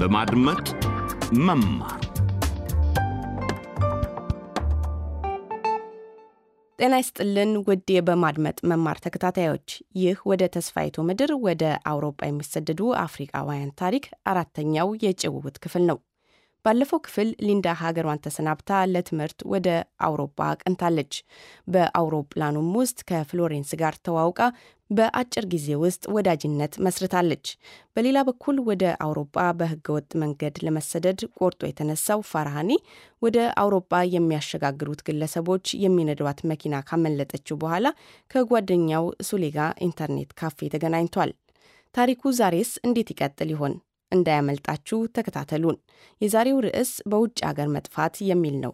በማድመጥ መማር ጤና ይስጥልን ውድ በማድመጥ መማር ተከታታዮች፣ ይህ ወደ ተስፋይቱ ምድር ወደ አውሮፓ የሚሰደዱ አፍሪቃውያን ታሪክ አራተኛው የጭውውት ክፍል ነው። ባለፈው ክፍል ሊንዳ ሀገሯን ተሰናብታ ለትምህርት ወደ አውሮፓ አቅንታለች። በአውሮፕላኑም ውስጥ ከፍሎሬንስ ጋር ተዋውቃ በአጭር ጊዜ ውስጥ ወዳጅነት መስርታለች። በሌላ በኩል ወደ አውሮፓ በህገወጥ መንገድ ለመሰደድ ቆርጦ የተነሳው ፋርሃኒ ወደ አውሮፓ የሚያሸጋግሩት ግለሰቦች የሚነዷት መኪና ካመለጠችው በኋላ ከጓደኛው ሱሌጋ ኢንተርኔት ካፌ ተገናኝቷል። ታሪኩ ዛሬስ እንዴት ይቀጥል ይሆን? እንዳያመልጣችሁ ተከታተሉን። የዛሬው ርዕስ በውጭ አገር መጥፋት የሚል ነው።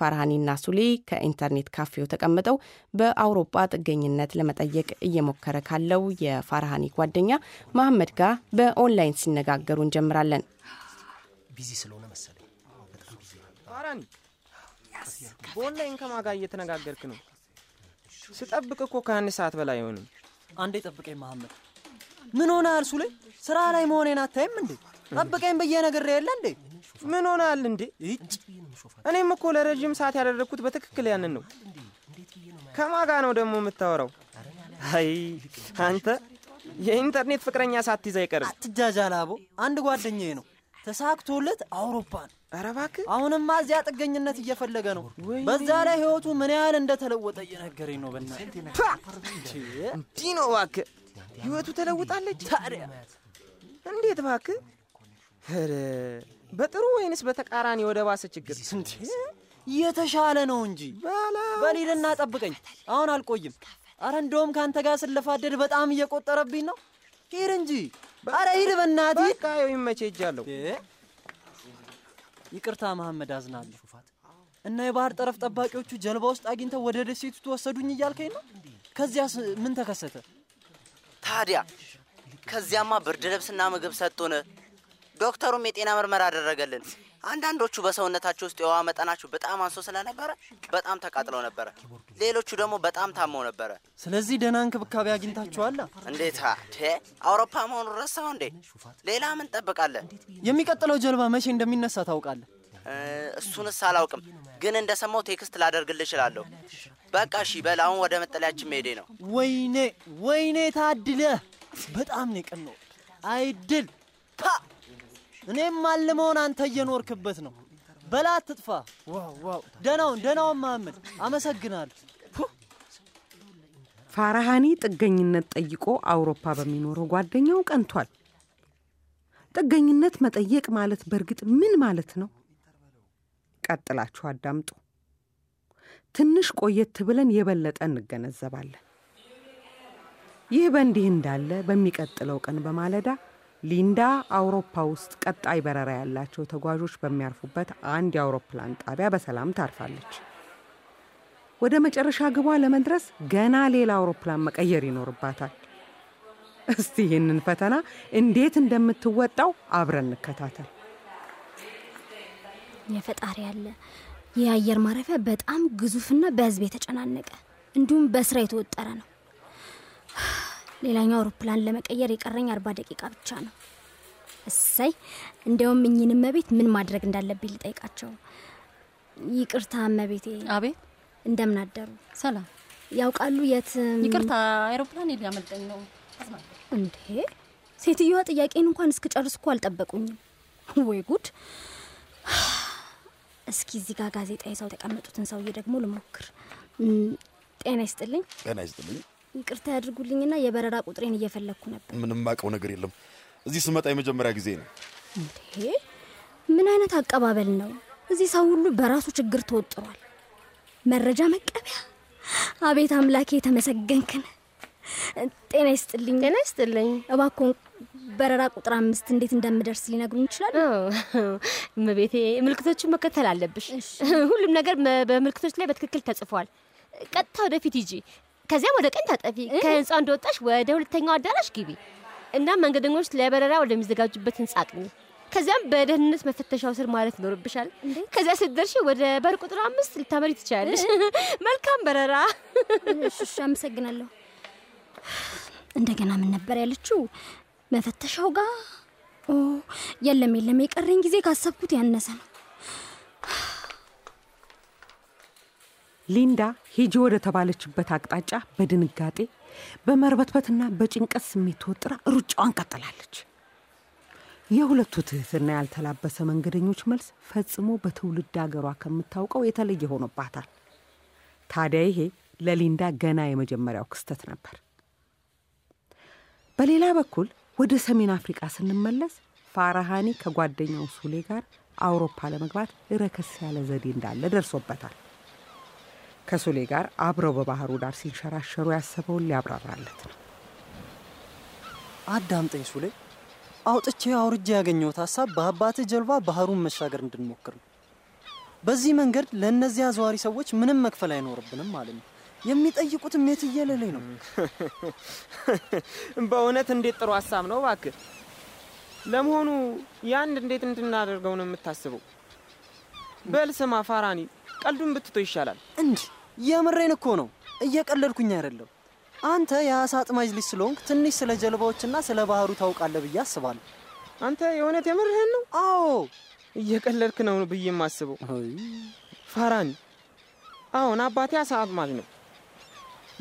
ፋርሃኒና ሱሌ ከኢንተርኔት ካፌው ተቀምጠው በአውሮፓ ጥገኝነት ለመጠየቅ እየሞከረ ካለው የፋርሃኒ ጓደኛ መሐመድ ጋር በኦንላይን ሲነጋገሩ እንጀምራለን። ቢዚ ስለሆነ መሰለኝ። ፋርሃኒ፣ በኦንላይን ከማጋ እየተነጋገርክ ነው? ስጠብቅ እኮ ከአንድ ሰዓት በላይ አይሆንም። አንዴ ጠብቀኝ መሐመድ ምን ሆነሃል ሱሌ? ስራ ላይ መሆኔን አታይም እንዴ? ጠብቀኝ ብዬ ነግሬ የለ እንዴ? ምን ሆናል እንዴ? እጭ እኔም እኮ ለረዥም ሰዓት ያደረግኩት በትክክል ያንን ነው። ከማጋ ነው ደግሞ የምታወራው? አይ አንተ የኢንተርኔት ፍቅረኛ ሳትይዝ አይቀርም። አትጃጃ ላቦ አንድ ጓደኛዬ ነው ተሳክቶለት አውሮፓ ነው። አረባክ እባክህ አሁንማ እዚያ ጥገኝነት እየፈለገ ነው። በዛ ላይ ህይወቱ ምን ያህል እንደተለወጠ እየነገረኝ ነው። በና እንዲህ ነው ህይወቱ ተለውጣለች። ታዲያ እንዴት ባክ በጥሩ ወይንስ በተቃራኒ ወደ ባሰ ችግር? የተሻለ ነው እንጂ በሊልና ጠብቀኝ። አሁን አልቆይም። አረ እንደውም ከአንተ ጋር ስለፋደድ በጣም እየቆጠረብኝ ነው። ሂድ እንጂ። አረ ሂድ በእናትህ። በቃ ይመቼ እጃለሁ ይቅርታ መሐመድ፣ አዝናለሁ። እና የባህር ጠረፍ ጠባቂዎቹ ጀልባ ውስጥ አግኝተው ወደ ደሴቱ ትወሰዱኝ እያልከኝ ነው? ከዚያ ምን ተከሰተ? ታዲያ ከዚያማ ብርድ ልብስና ምግብ ሰጡን። ዶክተሩም የጤና ምርመራ አደረገልን። አንዳንዶቹ በሰውነታቸው ውስጥ የውሃ መጠናቸው በጣም አንሶ ስለነበረ በጣም ተቃጥለው ነበረ። ሌሎቹ ደግሞ በጣም ታመው ነበረ። ስለዚህ ደህና እንክብካቤ አግኝታችኋላ? እንዴታ አውሮፓ መሆኑ ረሳው እንዴ? ሌላ ምን ጠብቃለን? የሚቀጥለው ጀልባ መቼ እንደሚነሳ ታውቃለህ? እሱንስ አላውቅም፣ ግን እንደሰማው ቴክስት ላደርግልህ እችላለሁ። በቃ እሺ በል፣ አሁን ወደ መጠለያችን መሄዴ ነው። ወይኔ ወይኔ፣ ታድለ በጣም ነው የቀናው። አይድል ፓ እኔም አልመሆን አንተ እየኖርክበት ነው። በላ አትጥፋ። ደናውን ደናውን መሐመድ አመሰግናለሁ። ፋራሃኒ ጥገኝነት ጠይቆ አውሮፓ በሚኖረው ጓደኛው ቀንቷል። ጥገኝነት መጠየቅ ማለት በእርግጥ ምን ማለት ነው? ቀጥላችሁ አዳምጡ። ትንሽ ቆየት ብለን የበለጠ እንገነዘባለን። ይህ በእንዲህ እንዳለ በሚቀጥለው ቀን በማለዳ ሊንዳ አውሮፓ ውስጥ ቀጣይ በረራ ያላቸው ተጓዦች በሚያርፉበት አንድ የአውሮፕላን ጣቢያ በሰላም ታርፋለች። ወደ መጨረሻ ግቧ ለመድረስ ገና ሌላ አውሮፕላን መቀየር ይኖርባታል። እስቲ ይህንን ፈተና እንዴት እንደምትወጣው አብረን እንከታተል። የፈጣሪ ያለ የአየር ማረፊያ በጣም ግዙፍና በህዝብ የተጨናነቀ እንዲሁም በስራ የተወጠረ ነው። ሌላኛው አውሮፕላን ለመቀየር የቀረኝ አርባ ደቂቃ ብቻ ነው። እሰይ! እንዲያውም እኝን መቤት ምን ማድረግ እንዳለብኝ ልጠይቃቸው። ይቅርታ መቤቴ። አቤት። እንደምን አደሩ? ሰላም። ያውቃሉ የት? ይቅርታ፣ አይሮፕላን ሊያመልጠኝ ነው። እንዴ! ሴትዮዋ ጥያቄን እንኳን እስክጨርስ እኮ አልጠበቁኝም። ወይ ጉድ! እስኪ እዚህ ጋር ጋዜጣ ይዘው የተቀመጡትን ሰውዬ ደግሞ ልሞክር። ጤና ይስጥልኝ። ጤና ይስጥልኝ። ይቅርታ ያድርጉልኝና የበረራ ቁጥሬን እየፈለግኩ ነበር። ምንም አውቀው ነገር የለም። እዚህ ስመጣ የመጀመሪያ ጊዜ ነው። እንዴ ምን አይነት አቀባበል ነው? እዚህ ሰው ሁሉ በራሱ ችግር ተወጥሯል። መረጃ መቀበያ። አቤት አምላኬ የተመሰገንክን። ጤና ይስጥልኝ። ጤና ይስጥልኝ። እባኮን በረራ ቁጥር አምስት እንዴት እንደምደርስ ሊነግሩ ይችላሉ? እመቤቴ፣ ምልክቶችን መከተል አለብሽ። ሁሉም ነገር በምልክቶች ላይ በትክክል ተጽፏል። ቀጥታ ወደፊት ሂጂ፣ ከዚያም ወደ ቀኝ ታጠፊ። ከህንፃ እንደወጣሽ ወደ ሁለተኛው አዳራሽ ግቢ እና መንገደኞች ለበረራ ወደሚዘጋጁበት ህንፃ አቅኝ። ከዚያም በደህንነት መፈተሻው ስር ማለት ይኖርብሻል። ከዚያ ስትደርሺ ወደ በር ቁጥር አምስት ልታመሪ ትችላለሽ። መልካም በረራ። አመሰግናለሁ። እንደገና ምን ነበር ያለችው? መፈተሻው ጋር የለም የለም፣ የቀረኝ ጊዜ ካሰብኩት ያነሰ ነው። ሊንዳ ሂጂ ወደ ተባለችበት አቅጣጫ በድንጋጤ በመርበትበትና በጭንቀት ስሜት ተወጥራ ሩጫዋን ቀጥላለች። የሁለቱ ትህትና ያልተላበሰ መንገደኞች መልስ ፈጽሞ በትውልድ አገሯ ከምታውቀው የተለየ ሆኖባታል። ታዲያ ይሄ ለሊንዳ ገና የመጀመሪያው ክስተት ነበር። በሌላ በኩል ወደ ሰሜን አፍሪቃ ስንመለስ ፋራሃኒ ከጓደኛው ሱሌ ጋር አውሮፓ ለመግባት ረከስ ያለ ዘዴ እንዳለ ደርሶበታል። ከሱሌ ጋር አብረው በባህሩ ዳር ሲንሸራሸሩ ያሰበውን ሊያብራራለት ነው። አዳምጠኝ ሱሌ፣ አውጥቼ አውርጄ ያገኘሁት ሀሳብ በአባትህ ጀልባ ባህሩን መሻገር እንድንሞክር ነው። በዚህ መንገድ ለእነዚያ አዘዋሪ ሰዎች ምንም መክፈል አይኖርብንም ማለት ነው። የሚጠይቁት ሜት ላይ ነው። በእውነት እንዴት ጥሩ ሀሳብ ነው እባክህ። ለመሆኑ ያንድ እንዴት እንድናደርገው ነው የምታስበው? በል ስማ ፋራኒ፣ ቀልዱን ብትቶ ይሻላል። እንዲ የምሬን እኮ ነው፣ እየቀለድኩኝ አይደለም። አንተ የአሳ አጥማጅ ልጅ ስለሆንክ ትንሽ ስለ ጀልባዎችና ስለ ባህሩ ታውቃለህ ብዬ አስባለሁ። አንተ የእውነት የምርህን ነው? አዎ፣ እየቀለድክ ነው ብዬ የማስበው ፋራኒ። አሁን አባቴ አሳ አጥማጅ ነው።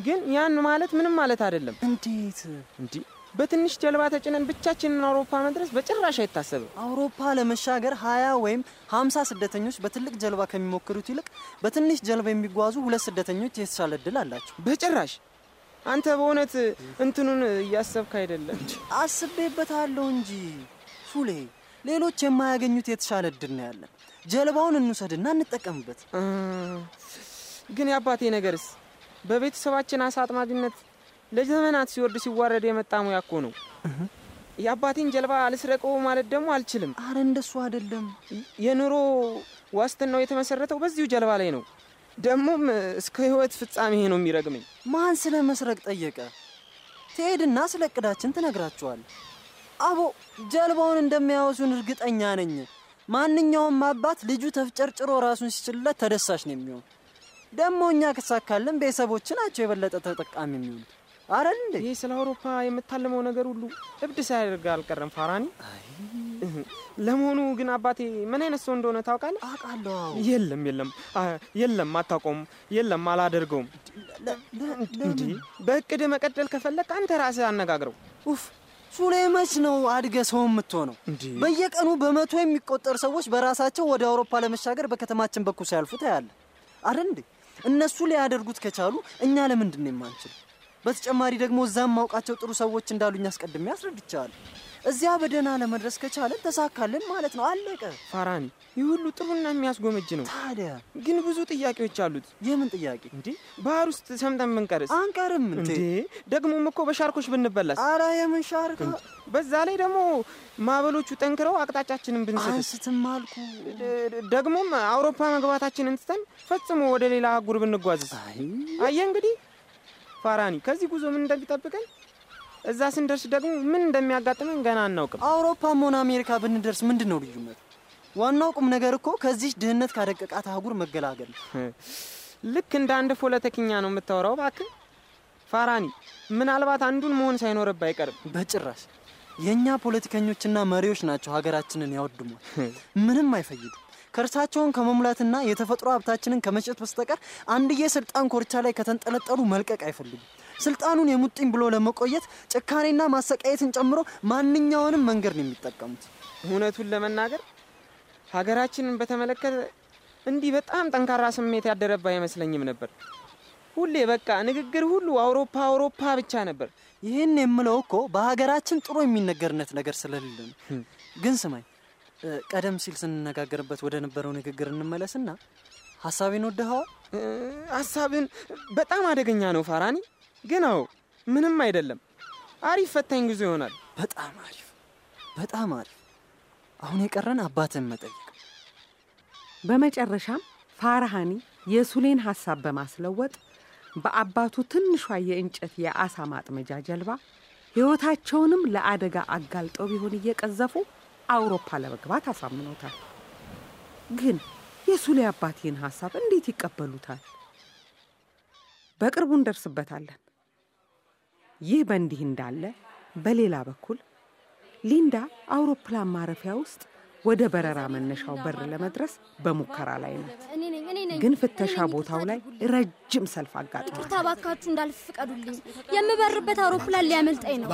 ግን ያን ማለት ምንም ማለት አይደለም። እንዴት እንዲ በትንሽ ጀልባ ተጭነን ብቻችንን አውሮፓ መድረስ በጭራሽ አይታሰብም። አውሮፓ ለመሻገር ሀያ ወይም ሀምሳ ስደተኞች በትልቅ ጀልባ ከሚሞክሩት ይልቅ በትንሽ ጀልባ የሚጓዙ ሁለት ስደተኞች የተሻለ እድል አላቸው። በጭራሽ አንተ በእውነት እንትኑን እያሰብክ አይደለም። አስቤበታለሁ እንጂ ሱሌ፣ ሌሎች የማያገኙት የተሻለ እድል ነው ያለን። ጀልባውን እንውሰድና እንጠቀምበት። ግን የአባቴ ነገርስ በቤተሰባችን አሳ አጥማጅነት ለዘመናት ሲወርድ ሲዋረድ የመጣ ሙያ እኮ ነው። የአባቴን ጀልባ አልስረቀው ማለት ደግሞ አልችልም። አረ እንደሱ አይደለም። የኑሮ ዋስትናው የተመሰረተው በዚሁ ጀልባ ላይ ነው። ደግሞም እስከ ህይወት ፍጻሜ ነው የሚረግመኝ። ማን ስለ መስረቅ ጠየቀ? ትሄድና ስለ እቅዳችን ትነግራችኋል። አቦ ጀልባውን እንደሚያወሱን እርግጠኛ ነኝ። ማንኛውም አባት ልጁ ተፍጨርጭሮ ራሱን ሲችልለት ተደሳሽ ነው የሚሆን። ደግሞ እኛ ከሳካልን ቤተሰቦች ናቸው የበለጠ ተጠቃሚ የሚሆኑት። አረል እንዴ! ይህ ስለ አውሮፓ የምታልመው ነገር ሁሉ እብድ ሳያደርግ አልቀረም። ፋራኒ፣ ለመሆኑ ግን አባቴ ምን አይነት ሰው እንደሆነ ታውቃለ አውቃለሁ። የለም፣ የለም፣ የለም፣ አታውቀውም። የለም፣ አላደርገውም። እንዲ በእቅድ መቀጠል ከፈለግ አንተ ራስህ አነጋግረው። ኡፍ ሱሌ መች ነው አድገ ሰው የምትሆነው? በየቀኑ በመቶ የሚቆጠር ሰዎች በራሳቸው ወደ አውሮፓ ለመሻገር በከተማችን በኩል ሲያልፉ ታያለ። አረ እንዴ እነሱ ሊያደርጉት ከቻሉ እኛ ለምንድን ነው የማንችል? በተጨማሪ ደግሞ እዛም ማውቃቸው ጥሩ ሰዎች እንዳሉኝ አስቀድሜ አስረድቻለሁ። እዚያ በደህና ለመድረስ ከቻለን ተሳካልን ማለት ነው። አለቀ። ፋራን፣ ይህ ሁሉ ጥሩና የሚያስጎመጅ ነው። ታዲያ ግን ብዙ ጥያቄዎች አሉት። የምን ጥያቄ? እንዴ ባህር ውስጥ ሰምተን ምንቀርስ? አንቀርም። እንዴ ደግሞም እኮ በሻርኮች ብንበላስ? አረ የምን ሻርክ? በዛ ላይ ደግሞ ማዕበሎቹ ጠንክረው አቅጣጫችንን ብንስት። አንስትም አልኩ። ደግሞም አውሮፓ መግባታችን እንስተን ፈጽሞ ወደ ሌላ አህጉር ብንጓዝስ? አየ እንግዲህ ፋራኒ ከዚህ ጉዞ ምን እንደሚጠብቀኝ እዛ ስንደርስ ደግሞ ምን እንደሚያጋጥመን ገና አናውቅም። አውሮፓም ሆነ አሜሪካ ብንደርስ ምንድን ነው ልዩነት? ዋናው ቁም ነገር እኮ ከዚህ ድህነት ካደቀቃት አህጉር መገላገል ልክ እንደ አንድ ፖለቲከኛ ነው የምታወራው። ባክ ፋራኒ፣ ምናልባት አንዱን መሆን ሳይኖርብ አይቀርም። በጭራሽ የእኛ ፖለቲከኞችና መሪዎች ናቸው ሀገራችንን ያወድሟል። ምንም አይፈይዱ። ከርሳቸውን ከመሙላትና የተፈጥሮ ሀብታችንን ከመሸጥ በስተቀር አንድዬ ስልጣን ኮርቻ ላይ ከተንጠለጠሉ መልቀቅ አይፈልጉም። ስልጣኑን የሙጥኝ ብሎ ለመቆየት ጭካኔና ማሰቃየትን ጨምሮ ማንኛውንም መንገድ ነው የሚጠቀሙት። እውነቱን ለመናገር ሀገራችንን በተመለከተ እንዲህ በጣም ጠንካራ ስሜት ያደረባ አይመስለኝም ነበር። ሁሌ በቃ ንግግር ሁሉ አውሮፓ አውሮፓ ብቻ ነበር። ይህን የምለው እኮ በሀገራችን ጥሩ የሚነገርነት ነገር ስለሌለ ነው። ግን ስማኝ ቀደም ሲል ስንነጋገርበት ወደ ነበረው ንግግር እንመለስና ሀሳቤን ወደኸዋ ሀሳብን በጣም አደገኛ ነው ፋራኒ። ግን አዎ ምንም አይደለም። አሪፍ ፈታኝ ጊዜ ይሆናል። በጣም አሪፍ፣ በጣም አሪፍ። አሁን የቀረን አባትን መጠየቅ። በመጨረሻም ፋርሃኒ የሱሌን ሀሳብ በማስለወጥ በአባቱ ትንሿ የእንጨት የአሳ ማጥመጃ ጀልባ ሕይወታቸውንም ለአደጋ አጋልጠው ቢሆን እየቀዘፉ አውሮፓ ለመግባት አሳምኖታል። ግን የሱሌ አባቴን ሐሳብ እንዴት ይቀበሉታል? በቅርቡ እንደርስበታለን። ይህ በእንዲህ እንዳለ በሌላ በኩል ሊንዳ አውሮፕላን ማረፊያ ውስጥ ወደ በረራ መነሻው በር ለመድረስ በሙከራ ላይ ናት። ግን ፍተሻ ቦታው ላይ ረጅም ሰልፍ አጋጥሟል። ይቅርታ እንዳልፍ ፍቀዱልኝ። የምበርበት አውሮፕላን ሊያመልጠኝ ነው።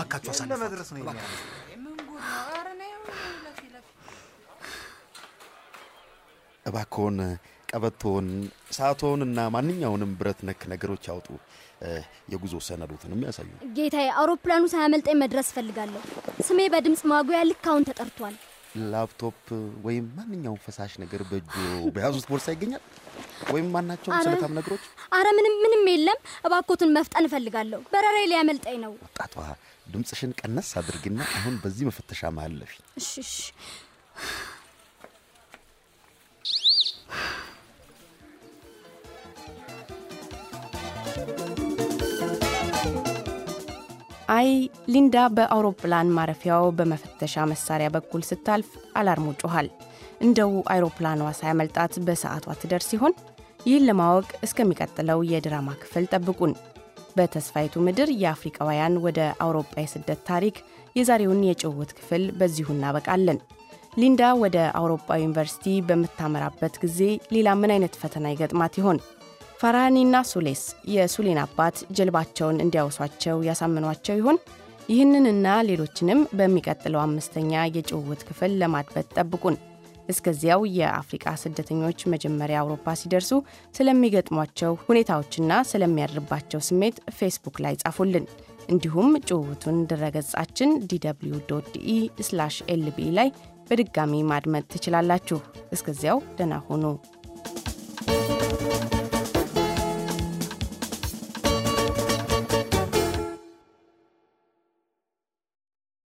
እባክዎን ቀበቶን፣ ሰዓቶን እና ማንኛውንም ብረት ነክ ነገሮች አውጡ። የጉዞ ሰነዶትንም ያሳዩ። ጌታዬ፣ አውሮፕላኑ ሳያመልጠኝ መድረስ እፈልጋለሁ። ስሜ በድምፅ ማጉያ ልክ አሁን ተጠርቷል። ላፕቶፕ ወይም ማንኛውም ፈሳሽ ነገር በእጆ በያዙት ቦርሳ ይገኛል? ወይም ማናቸው ስለታም ነገሮች? አረ ምንም ምንም የለም። እባኮትን መፍጠን እፈልጋለሁ። በረሬ ሊያመልጠኝ ነው። ወጣቷ ድምፅሽን ቀነስ አድርግና አሁን በዚህ መፈተሻ መሀል ለፊ። እሺ አይ ሊንዳ በአውሮፕላን ማረፊያው በመፈተሻ መሳሪያ በኩል ስታልፍ አላርሙ ጮኋል። እንደው አይሮፕላኗ ሳያመልጣት በሰዓቷ ትደርስ ሲሆን ይህን ለማወቅ እስከሚቀጥለው የድራማ ክፍል ጠብቁን። በተስፋይቱ ምድር የአፍሪቃውያን ወደ አውሮፓ የስደት ታሪክ የዛሬውን የጭውውት ክፍል በዚሁ እናበቃለን። ሊንዳ ወደ አውሮፓ ዩኒቨርሲቲ በምታመራበት ጊዜ ሌላ ምን አይነት ፈተና ይገጥማት ይሆን? ፋራኒና ሱሌስ የሱሌን አባት ጀልባቸውን እንዲያወሷቸው ያሳምኗቸው ይሆን? ይህንንና ሌሎችንም በሚቀጥለው አምስተኛ የጭውውት ክፍል ለማድመጥ ጠብቁን። እስከዚያው የአፍሪቃ ስደተኞች መጀመሪያ አውሮፓ ሲደርሱ ስለሚገጥሟቸው ሁኔታዎችና ስለሚያድርባቸው ስሜት ፌስቡክ ላይ ጻፉልን። እንዲሁም ጭውውቱን ድረገጻችን ዲw ዶት ኢ ኤልቢ ላይ በድጋሚ ማድመጥ ትችላላችሁ። እስከዚያው ደህና ሆኑ።